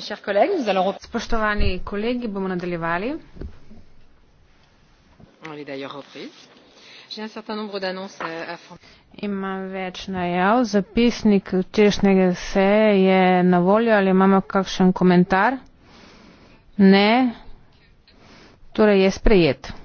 spoštovani kolegi bomo nadaljevali. Euh, imam več najav zapisnik včerajšnje seje je na voljo ali imamo kakšen komentar? ne. torej je sprejet.